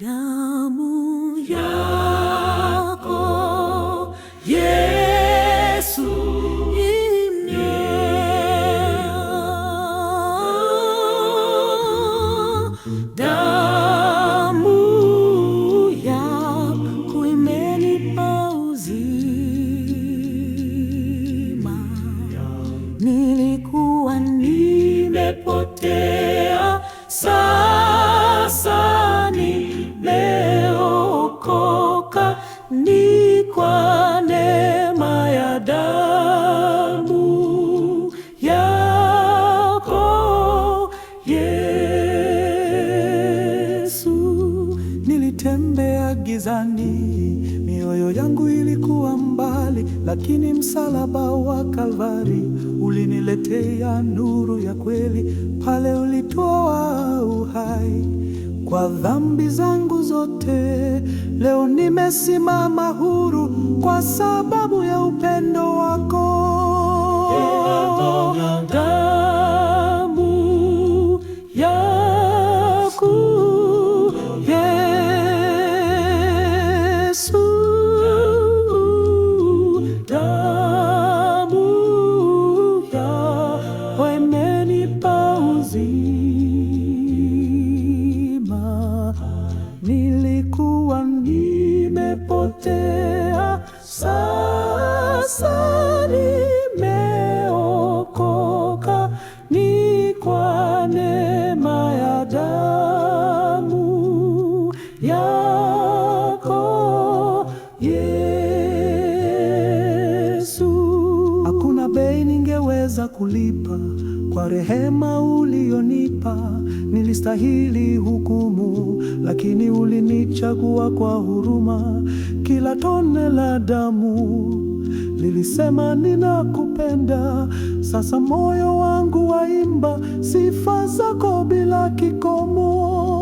Damu yako Yesu damu nilikuwa nimepotea ndani. Mioyo yangu ilikuwa mbali, lakini msalaba wa Kalvari uliniletea nuru ya kweli. Pale ulitoa uhai kwa dhambi zangu zote. Leo nimesimama huru kwa sababu ya upendo wako. kulipa kwa rehema ulionipa. Nilistahili hukumu, lakini ulinichagua kwa huruma. Kila tone la damu lilisema ninakupenda. Sasa moyo wangu waimba sifa zako bila kikomo.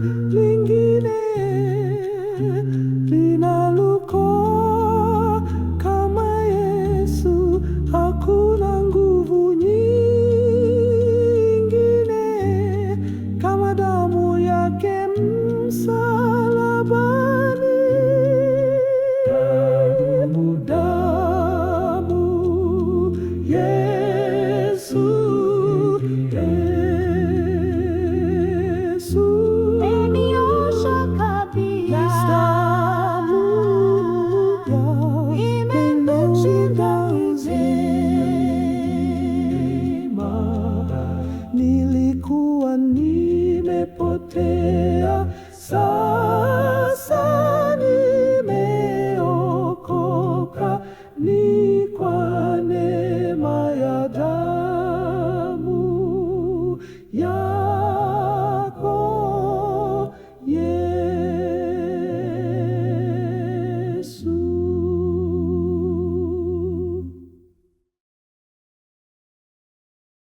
Please.